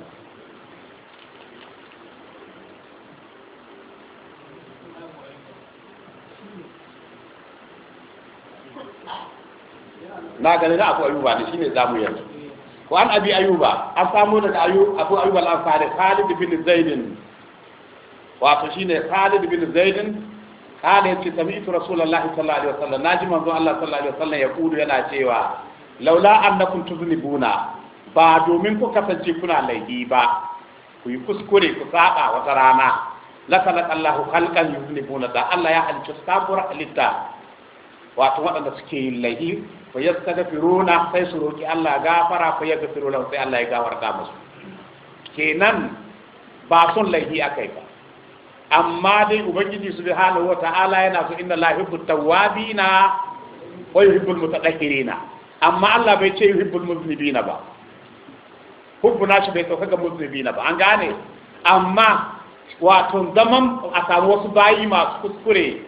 na gani na abu ayuba ne shine zamu yanzu ko an abi ayuba an samu daga ayu abu ayuba al Khalid bin zaidin wato shi ne Khalid bin zaidin kada yace sami'tu rasulullahi sallallahu alaihi wasallam naji manzon Allah sallallahu alaihi wasallam ya kudu yana cewa laula annakum tuzlibuna ba domin ku kasance kuna laifi ba ku yi kuskure ku saba wata rana lakala Allahu khalqan yuzlibuna da Allah ya halitta sabura alitta wato wadanda suke yin laifi fa yastaghfiruna sai su roki Allah gafara fa yaghfiru lahum sai Allah ya gafarta musu kenan ba son laifi akai ba amma dai ubangiji subhanahu ala yana so inna la yuhibbu tawwabina wa yuhibbul almutatahhirina amma Allah bai ce yuhibbul muzlibina ba hubbu shi bai sauka ga muzlibina ba an gane amma wato zaman a samu wasu bayi masu kuskure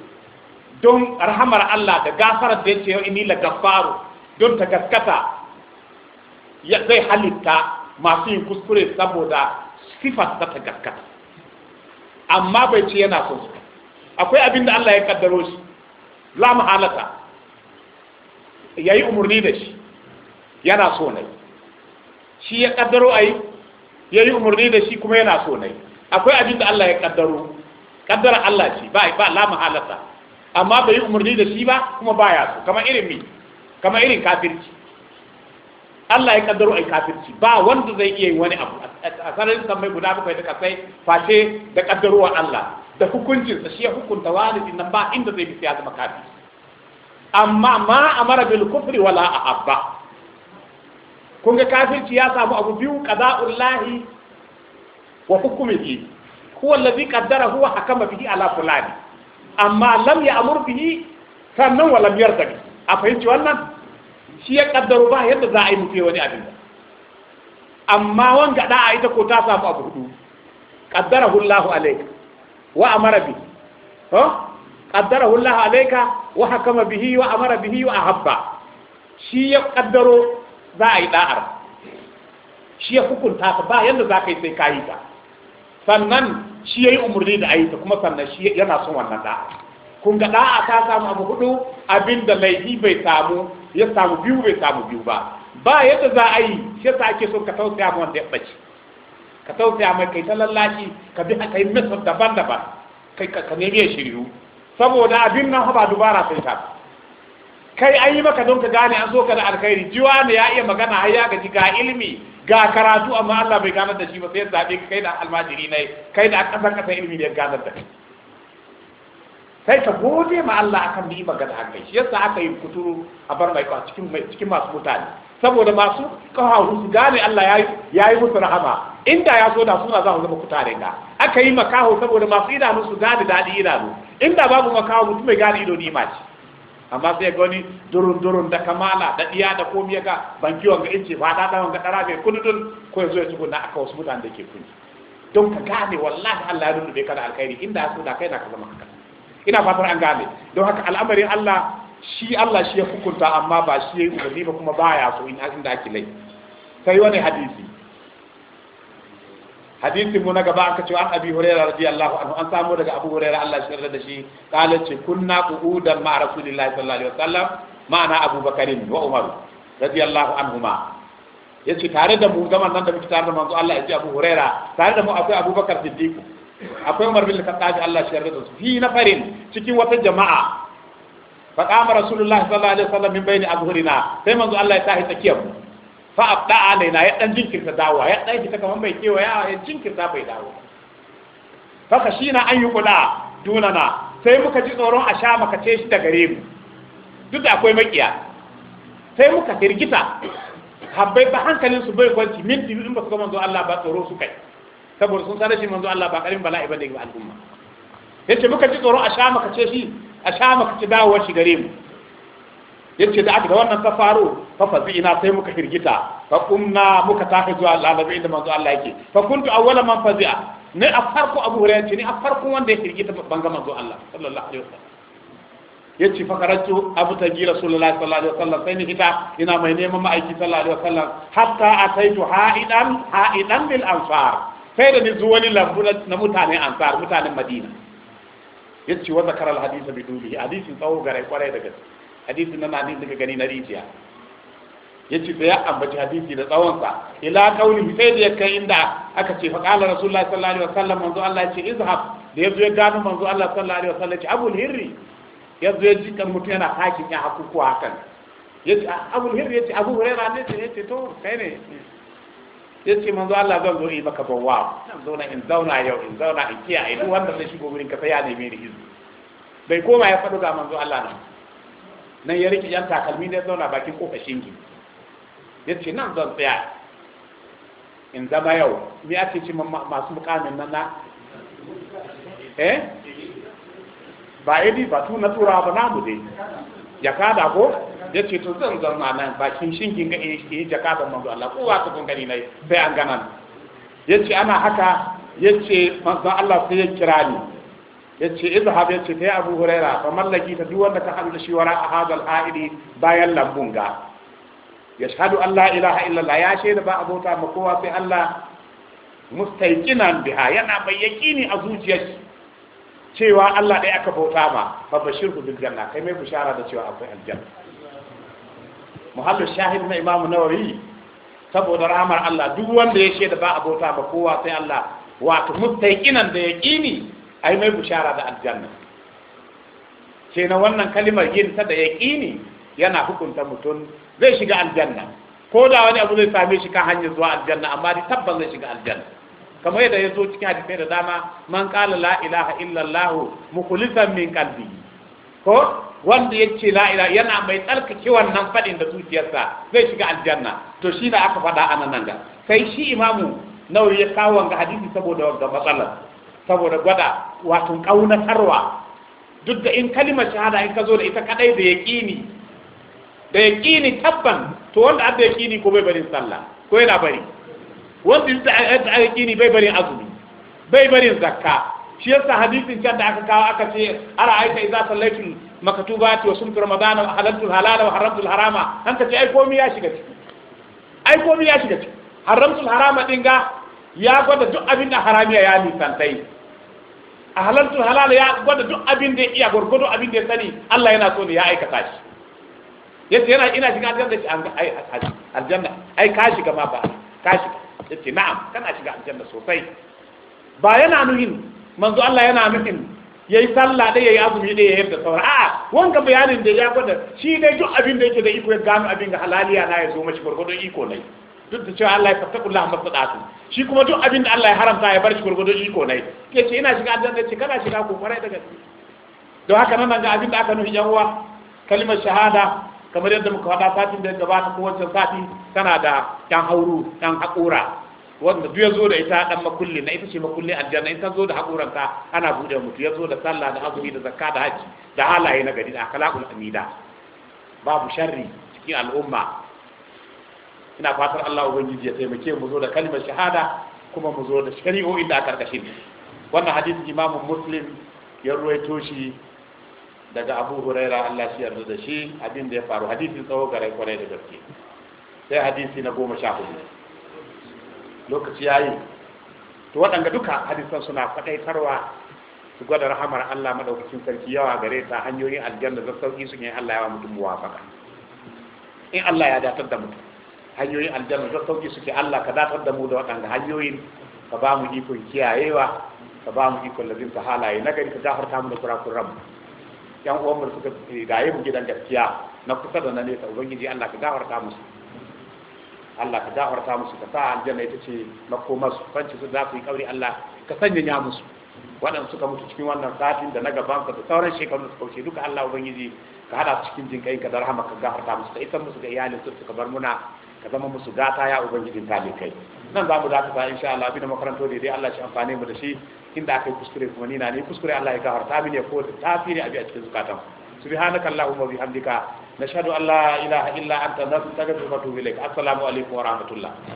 don rahamar Allah da gafara da ya yau inni la gafaru don ta gaskata zai halitta masu yin kuskure saboda sifar ta gaskata amma bai ce yana son su akwai abin da Allah ya kaddaro shi la mahalata yayi umurni da shi yana so ne shi ya kaddaro ai yayi umurni da shi kuma yana so ne akwai abin da Allah ya kaddaro kaddara Allah ce ba ba la mahalata amma bai umurni da shi ba kuma baya so kamar irin mi kamar irin kafirci Allah ya kaddaro ai kafirci ba wanda zai iya yin wani abu a sararin sammai guda bakwai da kasai face da kaddarowa Allah da hukuncin sa shi ya hukunta walidin nan ba inda zai bisa ya zama kafiri amma ma amara bil kufri wala ahabba kun ga kafirci ya samu abu biyu qada'ullahi wa hukmihi huwa alladhi qaddara a hakama bihi ala fulani amma lam ya'mur bihi sannan wa lam yarda a fahimci wannan shi ya kaddaro ba yadda za a yi mutu wani abin ba. amma wanga da'a ita ko ta samu abu hudu qaddarahu Allahu alayka wa amara bi ha qaddarahu Allahu alayka wa hakama bihi wa amara bihi wa ahabba shi ya kaddaro za a yi da'ar shi ya hukunta ta ba yadda za ka yi sai ka yi ta sannan shi ya yi umarni da ayyuka kuma sannan shi yana son wannan da'a kun ga da'a ta samu abu hudu abinda laifi bai samu ya samu biyu bai samu biyu ba ba yadda za a yi shi yasa ake so ka tausaya ma wanda ya ɓace ka tausaya mai kai ta lallashi ka bi aka yi masa daban-daban kai ka nemi ya shiryu saboda abin nan ba dubara sai ta kai an yi maka don ka gane an so ka da alkhairi jiwa ne ya iya magana har ya gaji ga ilimi ga karatu amma Allah bai ganar da shi ba sai ya zabe kai da almajiri ne kai da kasan kasan ilimi ne ya ganar da shi sai ka gode ma Allah akan ni'imar a aka shi yasa aka yi kuturu a bar mai cikin cikin masu mutane saboda masu kawo su gane Allah ya yayi musu rahama inda ya so da suna za su zama kutare da aka yi makaho saboda masu idanu su gane dadi idanu inda babu makaho mutum mai gane ido ma amma sai ga wani durun durun da kamala da diya da komai ga banki wanga ince ba da da wanga dara mai kududun ko yazo ya tsuguna aka wasu mutane da ke kunni don ka gane wallahi Allah ya rubuta ka da alkhairi inda ya so da kai na ka zama haka ina fatan an gane don haka al'amarin Allah shi Allah shi ya hukunta amma ba shi ya yi umarni ba kuma baya so ina inda ake lai sai wani hadisi hadisi mu na gaba aka ce an abi hurairah radiyallahu anhu an samu daga abu hurairah Allah shi yarda da shi kala ce kunna qu'udan ma rasulillahi sallallahu alaihi wasallam ma'ana Abu Bakarin wa Umar radiyallahu anhuma yace tare da mu zaman nan da muke tare da manzo Allah ya ce Abu Hurairah tare da mu akwai abubakar Bakar Siddiq akwai Umar bin Khattab Allah shi yarda da su fi farin cikin wata jama'a fa qama Rasulullahi sallallahu alaihi wasallam min bayni azhurina sai manzo Allah ya tahi tsakiyar mu fa abda alaina ya dan jinkirta dawowa ya dan fita kaman bai kewa ya jinkirta bai dawo fa kashina an yuqula dunana sai muka ji tsoron a sha maka ce shi da gare mu duk akwai makiya sai muka firgita habbai ba hankalin su bai kwanci minti in ba su ga manzo Allah ba tsoro su kai saboda sun sanar shi manzo Allah ba karin bala'i ba ga al'umma yace muka ji tsoro a sha maka ce shi a sha maka ci dawowar shi gare mu yace da aka da wannan ta faru fa fazi'ina sai muka hirgita. fa kunna muka tafi zuwa lalabi da manzo Allah yake fa kuntu awwala man fazi'a ne a farko Abu Hurairah ce ne a farko wanda ya firgita banga manzo Allah sallallahu alaihi wasallam yace fa karatu abu taji rasulullahi sallallahu alaihi wasallam sai ni hita ina mai neman ma'aiki sallallahu alaihi wasallam hatta ataitu ha'idan ha'idan bil ansar sai da ni zuwa ni lambu na mutanen ansar mutanen madina ya ce wa zakarar hadisa bi dubi hadisin tsawo gare kwarai da gaske hadisin na nanin daga gani na rijiya ya ce sai ya ambaci hadisi da tsawonsa ila kauli sai da ya kai inda aka ce faƙalar rasulullahi sallallahu alaihi wasallam manzo Allah ya ce izhab da yazo ya gano manzo Allah sallallahu alaihi wasallam ya ce abul hirri yazo ya ji kan mutum yana hakin ya hakuku hakan ya ce abul hirri ya ce abu hurairah ne ya ce eh, to kai ne ya ce manzo Allah zan zo yi maka bawa zauna in zauna yau in zauna in kiyaye duk wanda zai shigo wurin ka sai ya neme ni izini bai koma ya faɗo ga manzo Allah nan nan ya rike yan takalmi ne zauna bakin kofa shingi ya ce nan zan tsaya in zama yau me ake ce masu mukamin nan na eh ba edi ba tu na turawa ba mu dai ya kada ko ya ce to zan zan nan bakin shingin ga yi jakadan manzo Allah ko ba kun gani nai sai an gana ya ce ana haka ya ce manzo Allah sai ya kira ni ya ce izhab ya ce kai Abu hurera fa mallaki ta duwanda ta ka hadu da shi wara a hadal aidi bayan lambun ga yashhadu an allah ilaha illallah ya shaida ba a bauta ma kowa sai Allah mustaiqinan biha yana mai yaqini a zuciyarsa cewa Allah ɗaya aka bauta ma fa bashirhu bil janna kai mai bishara da cewa akwai aljanna muhallu shahid na imamu nawawi saboda rahmar Allah duk wanda ya shaida ba a bauta ba kowa sai Allah wato mustaiqinan da yaqini ai mai bushara da aljanna na wannan kalimar yin ta da yaqini yana hukunta mutum zai shiga aljanna ko da wani abu zai same shi kan hanyar zuwa aljanna amma dai tabbas zai shiga aljanna kamar yadda ya zo cikin hadisai da dama man qala la ilaha illallah mukhlisan min qalbihi ko wanda ya ce la'ila yana mai tsarkake wannan faɗin da zuciyarsa zai shiga aljanna to shi da aka faɗa a nan ga sai shi imamu nawawi ya kawo wanga hadisi saboda wanga matsalar saboda gwada wato ƙaunatarwa duk da in kalimar shahada in ka zo da ita kadai da yaƙini da yaƙini tabban to wanda an da yaƙini ko bai barin sallah ko yana bari wanda ya yaƙini bai barin azumi bai barin zakka shi yasa hadisin can da aka kawo aka ce ara aita idza sallaitul makatubati wa sumtu ramadan halaltul halala wa haramtul harama an ka ce ai komai ya shiga ciki ai komai ya shiga ciki haramtul harama din ga ya gwada duk abin da haramiya ya nisantai a halaltul halala ya gwada duk abin da ya iya gwargwado abin da ya sani Allah yana so ne ya aikata shi yace yana ina shiga aljanna shi an ai aljanna ai ka shiga ma ba ka shiga yace na'am kana shiga aljanna sosai ba yana nuhin manzo Allah yana nufin yayi sallah dai yayi azumi ya yayi da sauran a'a wanka bayanin da ya gwada shi ne duk abin da yake da iko ya gano abin ga halaliya na ya zo mashi gurgudun iko ne duk da cewa Allah ya masu masadatu shi kuma duk abin da Allah ya haramta ya bar shi gurgudun iko ne Keke ina shiga adana ce kana shiga ko farai daga don haka nan ga abin da aka nufi yan uwa kalimar shahada kamar yadda muka faɗa satin da ya gabata ko wancan sati tana da yan hauru yan haƙura wanda duk ya zo da ita dan makulli na ita ce makulli aljanna in ta zo da hakuranta ana bude mutu ya zo da sallah da azumi da zakka da haji da halaye na gari da akhlaqul amida babu sharri cikin al'umma ina fatar Allah ubangiji ya taimake mu zo da kalmar shahada kuma mu zo da shari'o'in da aka karkashin wannan hadisi imamu muslim ya ruwaito shi daga abu huraira Allah shi yarda da shi abin da ya faru hadisin tsawo garai kwarai da gaske sai hadisi na goma sha hudu lokaci yi to waɗanda duka hadisan suna faɗaitarwa su gwada rahamar Allah maɗaukacin sarki yawa gare ta hanyoyin aljanna da sauki su ne Allah yawa mutum muwafaka in Allah ya datar da mutum hanyoyin aljanna da su ke Allah ka datar da mu da waɗanda hanyoyin ka ba mu ikon kiyayewa ka ba mu ikon ta halaye na gari ka gafarta mu da kurakun ramu yan uwan mu suka daye mu gidan gaskiya na kusa da na nesa ubangiji Allah ka gafarta musu Allah ka gafarta musu ka sa aljanna ita ce mako masu, kwanci su za su yi kauri Allah ka sanya ya musu waɗanda suka mutu cikin wannan satin da na gaban ka da sauran shekaru suka wuce duka Allah ubangiji ka hada su cikin jinkai ka dar hama ka gafarta musu ka isa musu ga iyalin su suka bar muna ka zama musu gata ya ubangijin kai, nan za mu za ka sa insha Allah bi da makaranto da dai Allah shi amfane mu da shi inda akai kuskure kuma ni na ne kuskure Allah ya gafarta mini ya kowace tasiri abi a cikin zakatan subhanakallahumma bihamdika nashhadu an la ilaha illa anta nastaghfiruka wa natubu ilaik assalamu alaikum wa